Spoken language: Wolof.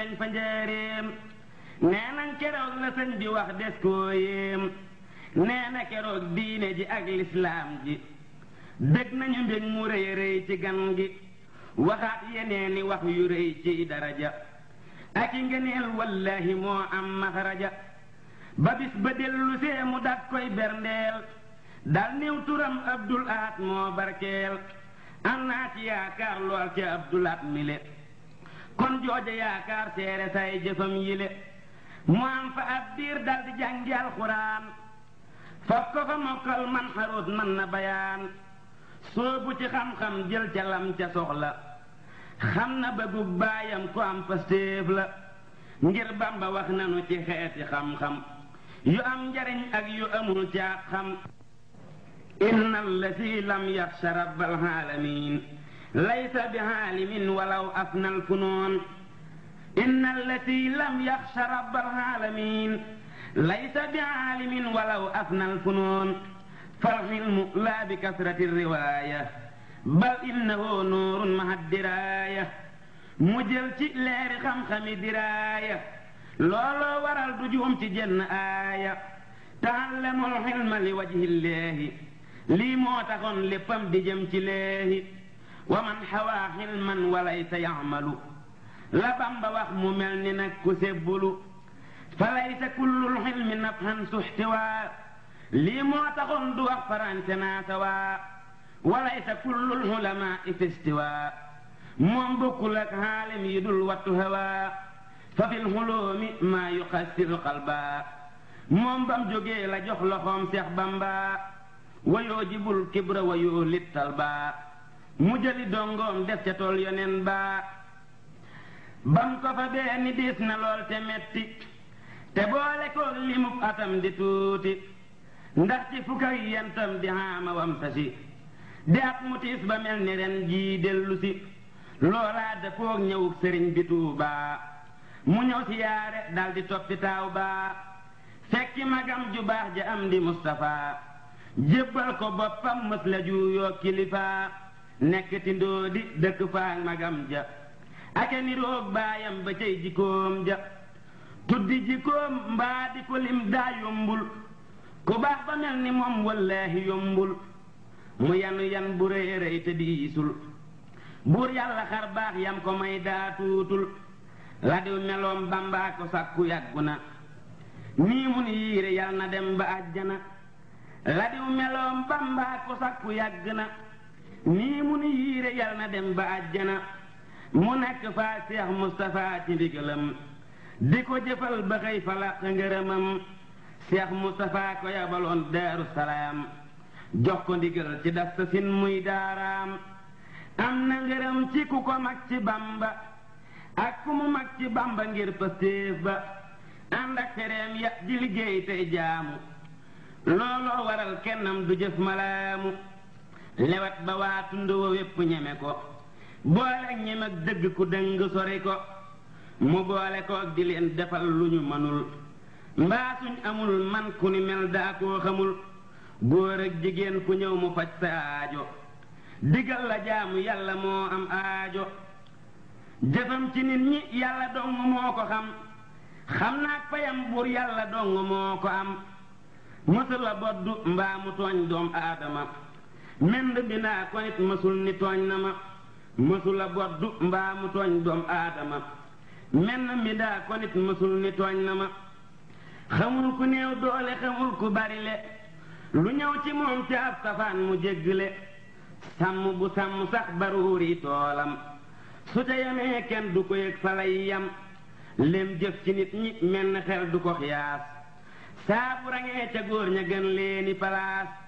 feeñ fa njëriñ keroog la sëñ bi wax des koo yéem nee keroog diine ji ak lislaam ji dëgg nañu mbég mu rëy rëy ci gan gi waxaat yeneeni wax yu rëy ci daraja ak i ngeneel wallahi moo am maxraja ba bis ba dellu see mu dat berndeel dal néew turam abdul aat moo barkeel am naa ci yaakaar lool ca abdul aat mile kon jooja yaakaar seere say jëfam yile mu am fa ab diir dal di jàngi alxuraan faf ko fa mokkal man xaruut man na bayaan soobu ci xam-xam jël ca lam ca soxla xam na bëggug baayam ku am fa séef la ngir bamba wax nanu ci xeeti xam-xam yu am njariñ ak yu amul caa xam inna allati lam yaxsha rabbal alamin laysa bi aalimin walaw afna alfunoon inna allati lam yaxsha rabba alaalamin laysa bi aalimin walaw afna alfunoon falxilmu laa bi kasrati riwaaya bal innahu nuurun maha diraaya mu jël ci leeri xam-xami diraaya looloo waral du juum ci jenn aaya taxallamul xilma li wajhi llaahi lii moo taxoon léppam di jëm ci leehi wa man xawaa xilman walaysa yamalu la bamba wax mu mel ni nag ku sébbulu fa laysa kullul xilmi nafxan suxtiwaa lii moo taxoon du wax farante naata waa walaysa kullul xulamaa fistiwaa moom bokkul ak xaalim yi dul wattu hawaa fa fil xuloomi maa yuqassir qalbaa moom bam jógee la jox loxoom seex bamba wayoo jibul kibra wayoo littal baa mu jëli dongoom def ca tool yoneen baa bam ko fa bee ni diis na lool te metti te boole koog limub atam di tuuti ndax ci fukka yentam di xaama wam sa si di at mu tiis ba mel ni ren jii dellu si loolaa da foog ñëwug sëriñ bi Tuubaa mu ñëw ci yaare daldi toppitaaw toppi taaw baa fekki magam ju baax ja am di Mustapha jébbal ko boppam mës la juuyoo kilifaa nekk ti ndoo di dëkk faak magam ja aka ni baayam ba cay jikkoom ja tuddi jikkoom mbaa di ko lim daa yombul ku baax ba mel ni moom wallaahi yombul mu yanu yan bu rëy rëy te diisul buur yàlla xar baax yam ko may daa tuutul la meloom bambaa ko sàkku yàggu na nii mun yiire yal na dem ba àjjana la diw meloom bambaa ko sàkku yàgg na nii mu ni yiire yal na dem ba àjjana mu nekk faa seex Mustapha ci ndigalam di ko jëfal ba xëy fa làq ngërëmam seex Mustapha ko yabaloon daaru salaam jox ko ndigal ci dasta sin muy daaraam am na ngërëm ci ku ko mag ci bamba ak ku mu mag ci bamba ngir pastéef ba ànd ak ya di liggéey tey jaamu looloo waral kennam du jëf malaamu lewat ba waa tund wa wépp ñeme ko boole ñem ak dëgg ku dëng sori ko mu boole ko di leen defal lu ñu mënul mbaa suñ amul man ku ni mel daa koo xamul góor ak jigéen ku ñëw mu faj sa aajo digal la jaamu yàlla moo am aajo jëfam ci nit ñi yàlla dong moo ko xam xam naa payam buur yàlla dong moo ko am mësa la mbaa mu tooñ doom aadama mend bi naa ko nit mësul ni tooñ na ma mësula a boddu mbaa mu tooñ doom aadama menn mi daa ko nit mësul ni tooñ na ma xamul ku néew doole xamul ku bari le lu ñëw ci moom ca ab safaan mu jéggle sàmm bu sàmm sax baruuri toolam su ca yamee kenn du ko yëg fa yam lem jëf ci nit ñi menn xel du ko xiyaas saa rangee ca góor ña gën leeni palaas